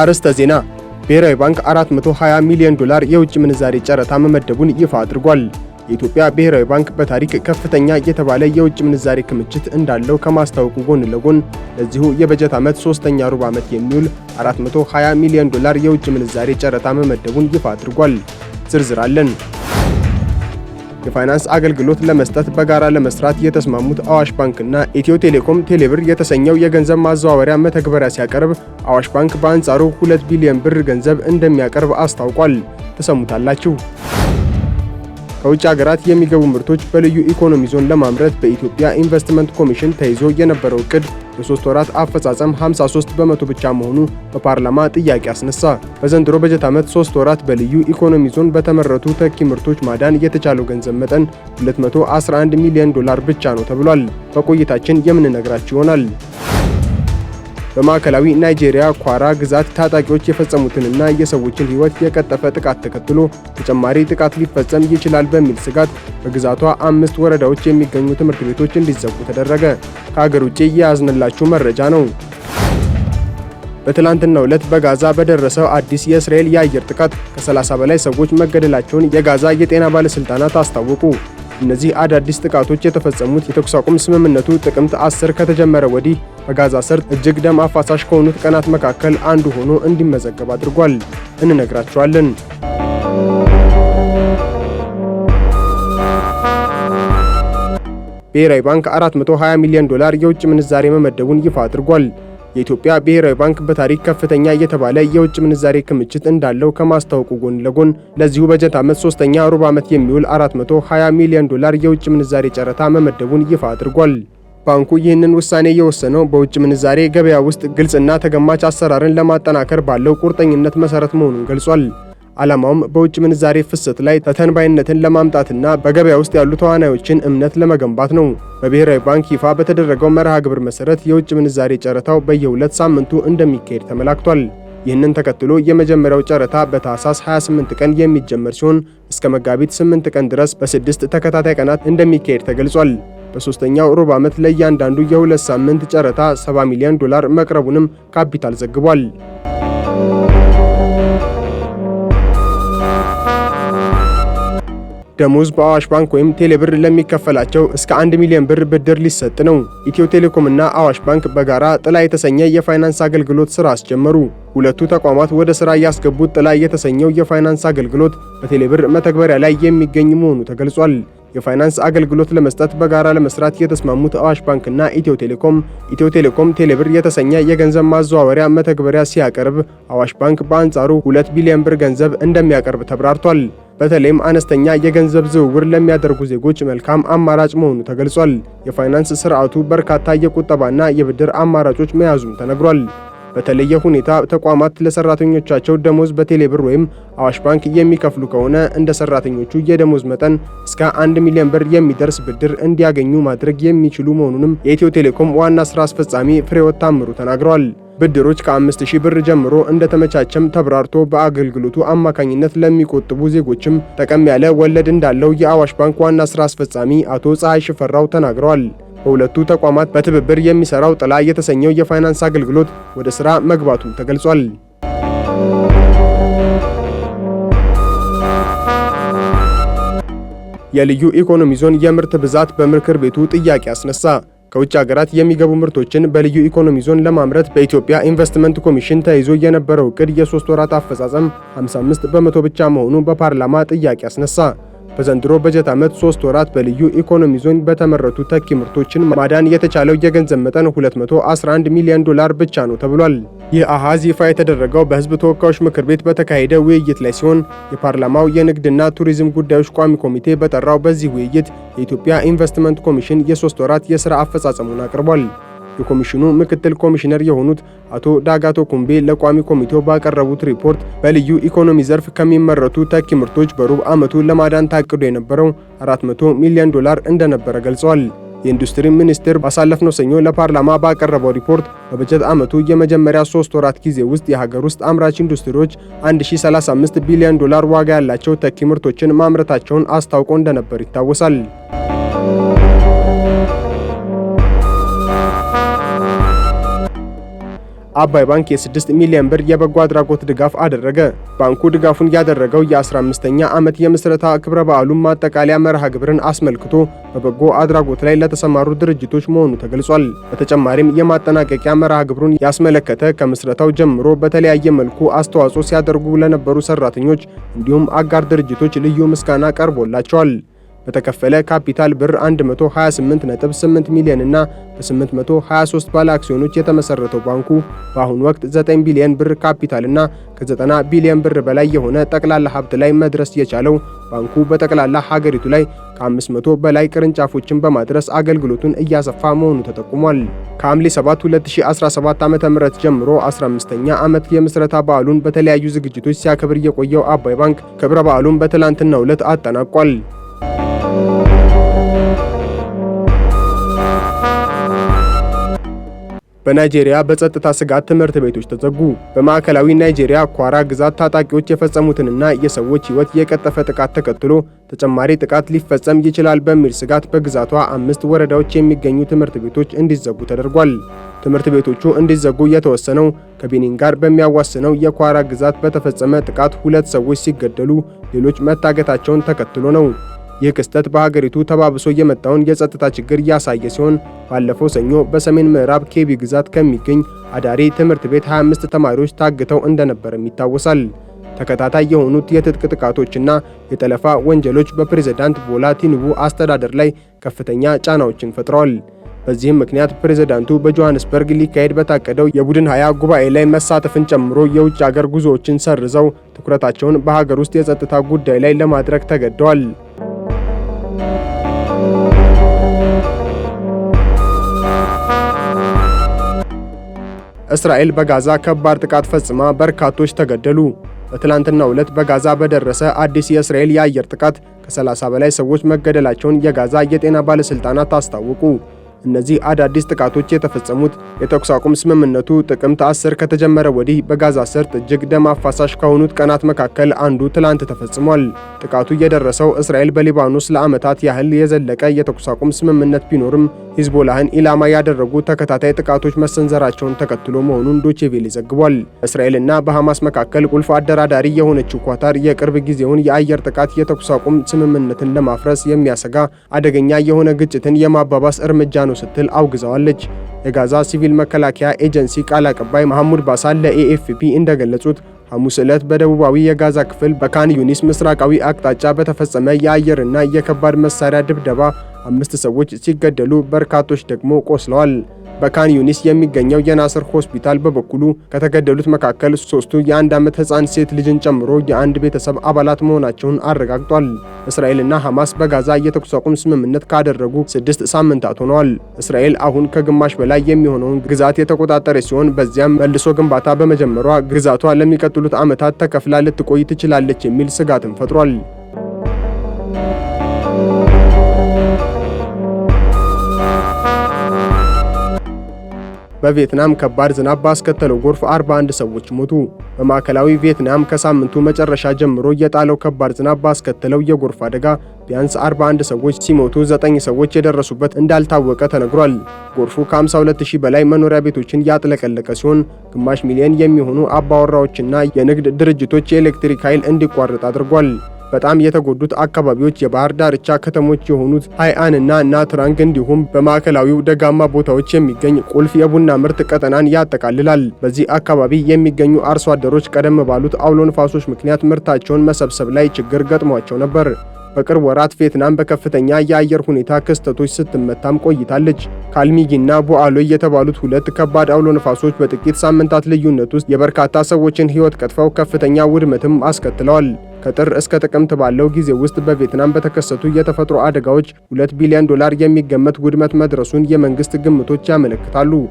አርዕስተ ዜና ብሔራዊ ባንክ 420 ሚሊዮን ዶላር የውጭ ምንዛሬ ጨረታ መመደቡን ይፋ አድርጓል። የኢትዮጵያ ብሔራዊ ባንክ በታሪክ ከፍተኛ የተባለ የውጭ ምንዛሬ ክምችት እንዳለው ከማስታወቁ ጎን ለጎን ለዚሁ የበጀት ዓመት ሶስተኛ ሩብ ዓመት የሚውል 420 ሚሊዮን ዶላር የውጭ ምንዛሬ ጨረታ መመደቡን ይፋ አድርጓል። ዝርዝር አለን። የፋይናንስ አገልግሎት ለመስጠት በጋራ ለመስራት የተስማሙት አዋሽ ባንክና ኢትዮ ቴሌኮም ቴሌብር የተሰኘው የገንዘብ ማዘዋወሪያ መተግበሪያ ሲያቀርብ አዋሽ ባንክ በአንጻሩ 2 ቢሊዮን ብር ገንዘብ እንደሚያቀርብ አስታውቋል። ተሰሙታላችሁ። ከውጭ ሀገራት የሚገቡ ምርቶች በልዩ ኢኮኖሚ ዞን ለማምረት በኢትዮጵያ ኢንቨስትመንት ኮሚሽን ተይዞ የነበረው እቅድ በሶስት ወራት አፈጻጸም 53 በመቶ ብቻ መሆኑ በፓርላማ ጥያቄ አስነሳ። በዘንድሮ በጀት ዓመት ሶስት ወራት በልዩ ኢኮኖሚ ዞን በተመረቱ ተኪ ምርቶች ማዳን የተቻለው ገንዘብ መጠን 211 ሚሊዮን ዶላር ብቻ ነው ተብሏል። በቆይታችን የምንነግራችሁ ይሆናል። በማዕከላዊ ናይጄሪያ ኳራ ግዛት ታጣቂዎች የፈጸሙትንና የሰዎችን ሕይወት የቀጠፈ ጥቃት ተከትሎ ተጨማሪ ጥቃት ሊፈጸም ይችላል በሚል ስጋት በግዛቷ አምስት ወረዳዎች የሚገኙ ትምህርት ቤቶች እንዲዘጉ ተደረገ። ከአገር ውጭ የያዝንላችሁ መረጃ ነው። በትላንትናው ዕለት በጋዛ በደረሰው አዲስ የእስራኤል የአየር ጥቃት ከ30 በላይ ሰዎች መገደላቸውን የጋዛ የጤና ባለሥልጣናት አስታወቁ። እነዚህ አዳዲስ ጥቃቶች የተፈጸሙት የተኩስ አቁም ስምምነቱ ጥቅምት 10 ከተጀመረ ወዲህ በጋዛ ሰርጥ እጅግ ደም አፋሳሽ ከሆኑት ቀናት መካከል አንዱ ሆኖ እንዲመዘገብ አድርጓል። እንነግራችኋለን። ብሔራዊ ባንክ 420 ሚሊዮን ዶላር የውጭ ምንዛሬ መመደቡን ይፋ አድርጓል። የኢትዮጵያ ብሔራዊ ባንክ በታሪክ ከፍተኛ የተባለ የውጭ ምንዛሬ ክምችት እንዳለው ከማስታወቁ ጎን ለጎን ለዚሁ በጀት ዓመት ሶስተኛ ሩብ ዓመት የሚውል 420 ሚሊዮን ዶላር የውጭ ምንዛሬ ጨረታ መመደቡን ይፋ አድርጓል። ባንኩ ይህንን ውሳኔ የወሰነው በውጭ ምንዛሬ ገበያ ውስጥ ግልጽና ተገማች አሰራርን ለማጠናከር ባለው ቁርጠኝነት መሰረት መሆኑን ገልጿል። ዓላማውም በውጭ ምንዛሬ ፍሰት ላይ ተተንባይነትን ለማምጣትና በገበያ ውስጥ ያሉ ተዋናዮችን እምነት ለመገንባት ነው። በብሔራዊ ባንክ ይፋ በተደረገው መርሃ ግብር መሰረት የውጭ ምንዛሬ ጨረታው በየሁለት ሳምንቱ እንደሚካሄድ ተመላክቷል። ይህንን ተከትሎ የመጀመሪያው ጨረታ በታህሳስ 28 ቀን የሚጀመር ሲሆን እስከ መጋቢት 8 ቀን ድረስ በስድስት ተከታታይ ቀናት እንደሚካሄድ ተገልጿል። በሶስተኛው ሩብ ዓመት ለእያንዳንዱ የሁለት ሳምንት ጨረታ 70 ሚሊዮን ዶላር መቅረቡንም ካፒታል ዘግቧል። ደሞዝ በአዋሽ ባንክ ወይም ቴሌብር ለሚከፈላቸው እስከ 1 ሚሊዮን ብር ብድር ሊሰጥ ነው። ኢትዮ ቴሌኮም እና አዋሽ ባንክ በጋራ ጥላ የተሰኘ የፋይናንስ አገልግሎት ስራ አስጀመሩ። ሁለቱ ተቋማት ወደ ስራ እያስገቡት ጥላ የተሰኘው የፋይናንስ አገልግሎት በቴሌብር መተግበሪያ ላይ የሚገኝ መሆኑ ተገልጿል። የፋይናንስ አገልግሎት ለመስጠት በጋራ ለመስራት የተስማሙት አዋሽ ባንክና ኢትዮ ቴሌኮም ኢትዮ ቴሌኮም ቴሌብር የተሰኘ የገንዘብ ማዘዋወሪያ መተግበሪያ ሲያቀርብ አዋሽ ባንክ በአንጻሩ ሁለት ቢሊዮን ብር ገንዘብ እንደሚያቀርብ ተብራርቷል። በተለይም አነስተኛ የገንዘብ ዝውውር ለሚያደርጉ ዜጎች መልካም አማራጭ መሆኑ ተገልጿል። የፋይናንስ ስርዓቱ በርካታ የቁጠባና የብድር አማራጮች መያዙም ተነግሯል። በተለየ ሁኔታ ተቋማት ለሰራተኞቻቸው ደሞዝ በቴሌ ብር ወይም አዋሽ ባንክ የሚከፍሉ ከሆነ እንደ ሰራተኞቹ የደሞዝ መጠን እስከ 1 ሚሊዮን ብር የሚደርስ ብድር እንዲያገኙ ማድረግ የሚችሉ መሆኑንም የኢትዮ ቴሌኮም ዋና ስራ አስፈጻሚ ፍሬወት ታምሩ ተናግረዋል። ብድሮች ከ5000 ብር ጀምሮ እንደተመቻቸም ተብራርቶ በአገልግሎቱ አማካኝነት ለሚቆጥቡ ዜጎችም ጠቀም ያለ ወለድ እንዳለው የአዋሽ ባንክ ዋና ስራ አስፈጻሚ አቶ ፀሐይ ሽፈራው ተናግረዋል። በሁለቱ ተቋማት በትብብር የሚሰራው ጥላ የተሰኘው የፋይናንስ አገልግሎት ወደ ስራ መግባቱ ተገልጿል። የልዩ ኢኮኖሚ ዞን የምርት ብዛት በምክር ቤቱ ጥያቄ አስነሳ። ከውጭ ሀገራት የሚገቡ ምርቶችን በልዩ ኢኮኖሚ ዞን ለማምረት በኢትዮጵያ ኢንቨስትመንት ኮሚሽን ተይዞ የነበረው እቅድ የሶስት ወራት አፈጻጸም 55 በመቶ ብቻ መሆኑ በፓርላማ ጥያቄ አስነሳ። በዘንድሮ በጀት ዓመት ሶስት ወራት በልዩ ኢኮኖሚ ዞን በተመረቱ ተኪ ምርቶችን ማዳን የተቻለው የገንዘብ መጠን 211 ሚሊዮን ዶላር ብቻ ነው ተብሏል። ይህ አሃዝ ይፋ የተደረገው በሕዝብ ተወካዮች ምክር ቤት በተካሄደ ውይይት ላይ ሲሆን የፓርላማው የንግድና ቱሪዝም ጉዳዮች ቋሚ ኮሚቴ በጠራው በዚህ ውይይት የኢትዮጵያ ኢንቨስትመንት ኮሚሽን የሶስት ወራት የሥራ አፈጻጸሙን አቅርቧል። የኮሚሽኑ ምክትል ኮሚሽነር የሆኑት አቶ ዳጋቶ ኩምቤ ለቋሚ ኮሚቴው ባቀረቡት ሪፖርት በልዩ ኢኮኖሚ ዘርፍ ከሚመረቱ ተኪ ምርቶች በሩብ ዓመቱ ለማዳን ታቅዶ የነበረው 400 ሚሊዮን ዶላር እንደነበረ ገልጸዋል። የኢንዱስትሪ ሚኒስቴር ባሳለፍነው ሰኞ ለፓርላማ ባቀረበው ሪፖርት በበጀት ዓመቱ የመጀመሪያ ሶስት ወራት ጊዜ ውስጥ የሀገር ውስጥ አምራች ኢንዱስትሪዎች 1035 ቢሊዮን ዶላር ዋጋ ያላቸው ተኪ ምርቶችን ማምረታቸውን አስታውቆ እንደነበር ይታወሳል። አባይ ባንክ የ6 ሚሊዮን ብር የበጎ አድራጎት ድጋፍ አደረገ። ባንኩ ድጋፉን ያደረገው የ15ኛ ዓመት የምስረታ ክብረ በዓሉን ማጠቃለያ መርሃ ግብርን አስመልክቶ በበጎ አድራጎት ላይ ለተሰማሩ ድርጅቶች መሆኑ ተገልጿል። በተጨማሪም የማጠናቀቂያ መርሃ ግብሩን ያስመለከተ ከምስረታው ጀምሮ በተለያየ መልኩ አስተዋጽኦ ሲያደርጉ ለነበሩ ሰራተኞች እንዲሁም አጋር ድርጅቶች ልዩ ምስጋና ቀርቦላቸዋል። በተከፈለ ካፒታል ብር 128.8 ሚሊዮን እና በ823 ባለ አክሲዮኖች የተመሰረተው ባንኩ በአሁኑ ወቅት 9 ቢሊዮን ብር ካፒታል እና ከ90 ቢሊዮን ብር በላይ የሆነ ጠቅላላ ሀብት ላይ መድረስ የቻለው ባንኩ በጠቅላላ ሀገሪቱ ላይ ከ500 በላይ ቅርንጫፎችን በማድረስ አገልግሎቱን እያሰፋ መሆኑ ተጠቁሟል። ከሐምሌ 7 2017 ዓ.ም ጀምሮ 15ኛ ዓመት የምስረታ በዓሉን በተለያዩ ዝግጅቶች ሲያከብር የቆየው አባይ ባንክ ክብረ በዓሉን በትላንትናው ዕለት አጠናቋል። በናይጄሪያ በጸጥታ ስጋት ትምህርት ቤቶች ተዘጉ። በማዕከላዊ ናይጄሪያ ኳራ ግዛት ታጣቂዎች የፈጸሙትንና የሰዎች ሕይወት የቀጠፈ ጥቃት ተከትሎ ተጨማሪ ጥቃት ሊፈጸም ይችላል በሚል ስጋት በግዛቷ አምስት ወረዳዎች የሚገኙ ትምህርት ቤቶች እንዲዘጉ ተደርጓል። ትምህርት ቤቶቹ እንዲዘጉ የተወሰነው ከቤኒን ጋር በሚያዋስነው የኳራ ግዛት በተፈጸመ ጥቃት ሁለት ሰዎች ሲገደሉ ሌሎች መታገታቸውን ተከትሎ ነው። ይህ ክስተት በሀገሪቱ ተባብሶ የመጣውን የጸጥታ ችግር ያሳየ ሲሆን ባለፈው ሰኞ በሰሜን ምዕራብ ኬቢ ግዛት ከሚገኝ አዳሪ ትምህርት ቤት 25 ተማሪዎች ታግተው እንደነበርም ይታወሳል። ተከታታይ የሆኑት የትጥቅ ጥቃቶችና የጠለፋ ወንጀሎች በፕሬዝዳንት ቦላ ቲኑቡ አስተዳደር ላይ ከፍተኛ ጫናዎችን ፈጥረዋል። በዚህም ምክንያት ፕሬዝዳንቱ በጆሃንስበርግ ሊካሄድ በታቀደው የቡድን ሀያ ጉባኤ ላይ መሳተፍን ጨምሮ የውጭ አገር ጉዞዎችን ሰርዘው ትኩረታቸውን በሀገር ውስጥ የጸጥታ ጉዳይ ላይ ለማድረግ ተገደዋል። እስራኤል በጋዛ ከባድ ጥቃት ፈጽማ በርካቶች ተገደሉ። በትላንትናው ዕለት በጋዛ በደረሰ አዲስ የእስራኤል የአየር ጥቃት ከ30 በላይ ሰዎች መገደላቸውን የጋዛ የጤና ባለሥልጣናት አስታወቁ። እነዚህ አዳዲስ ጥቃቶች የተፈጸሙት የተኩስ አቁም ስምምነቱ ጥቅምት አስር ከተጀመረ ወዲህ በጋዛ ሰርጥ እጅግ ደም አፋሳሽ ከሆኑት ቀናት መካከል አንዱ ትላንት ተፈጽሟል። ጥቃቱ የደረሰው እስራኤል በሊባኖስ ለዓመታት ያህል የዘለቀ የተኩስ አቁም ስምምነት ቢኖርም ሂዝቦላህን ኢላማ ያደረጉ ተከታታይ ጥቃቶች መሰንዘራቸውን ተከትሎ መሆኑን ዶቼቬሌ ዘግቧል። እስራኤልና በሐማስ መካከል ቁልፍ አደራዳሪ የሆነችው ኳታር የቅርብ ጊዜውን የአየር ጥቃት የተኩስ አቁም ስምምነትን ለማፍረስ የሚያሰጋ አደገኛ የሆነ ግጭትን የማባባስ እርምጃ ነው ነው ስትል አውግዛዋለች። የጋዛ ሲቪል መከላከያ ኤጀንሲ ቃል አቀባይ መሐሙድ ባሳል ለኤኤፍፒ እንደገለጹት ሐሙስ ዕለት በደቡባዊ የጋዛ ክፍል በካን ዩኒስ ምስራቃዊ አቅጣጫ በተፈጸመ የአየርና የከባድ መሳሪያ ድብደባ አምስት ሰዎች ሲገደሉ በርካቶች ደግሞ ቆስለዋል። በካን ዩኒስ የሚገኘው የናስር ሆስፒታል በበኩሉ ከተገደሉት መካከል ሶስቱ የአንድ ዓመት ህፃን ሴት ልጅን ጨምሮ የአንድ ቤተሰብ አባላት መሆናቸውን አረጋግጧል። እስራኤልና ሐማስ በጋዛ የተኩስ አቁም ስምምነት ካደረጉ ስድስት ሳምንታት ሆነዋል። እስራኤል አሁን ከግማሽ በላይ የሚሆነውን ግዛት የተቆጣጠረ ሲሆን በዚያም መልሶ ግንባታ በመጀመሯ ግዛቷ ለሚቀጥሉት ዓመታት ተከፍላ ልትቆይ ትችላለች የሚል ስጋትን ፈጥሯል። በቪየትናም ከባድ ዝናብ ባስከተለው ጎርፍ 41 ሰዎች ሞቱ። በማዕከላዊ ቪየትናም ከሳምንቱ መጨረሻ ጀምሮ የጣለው ከባድ ዝናብ ባስከተለው የጎርፍ አደጋ ቢያንስ 41 ሰዎች ሲሞቱ ዘጠኝ ሰዎች የደረሱበት እንዳልታወቀ ተነግሯል። ጎርፉ ከ52000 በላይ መኖሪያ ቤቶችን ያጥለቀለቀ ሲሆን ግማሽ ሚሊዮን የሚሆኑ አባወራዎችና የንግድ ድርጅቶች የኤሌክትሪክ ኃይል እንዲቋረጥ አድርጓል። በጣም የተጎዱት አካባቢዎች የባህር ዳርቻ ከተሞች የሆኑት ሃይአን እና ናትራንግ እንዲሁም በማዕከላዊው ደጋማ ቦታዎች የሚገኝ ቁልፍ የቡና ምርት ቀጠናን ያጠቃልላል። በዚህ አካባቢ የሚገኙ አርሶ አደሮች ቀደም ባሉት አውሎ ንፋሶች ምክንያት ምርታቸውን መሰብሰብ ላይ ችግር ገጥሟቸው ነበር። በቅርብ ወራት ቬትናም በከፍተኛ የአየር ሁኔታ ክስተቶች ስትመታም ቆይታለች። ካልሚጊና ቦአሎይ የተባሉት ሁለት ከባድ አውሎ ነፋሶች በጥቂት ሳምንታት ልዩነት ውስጥ የበርካታ ሰዎችን ሕይወት ቀጥፈው ከፍተኛ ውድመትም አስከትለዋል። ከጥር እስከ ጥቅምት ባለው ጊዜ ውስጥ በቪየትናም በተከሰቱ የተፈጥሮ አደጋዎች 2 ቢሊዮን ዶላር የሚገመት ውድመት መድረሱን የመንግስት ግምቶች ያመለክታሉ።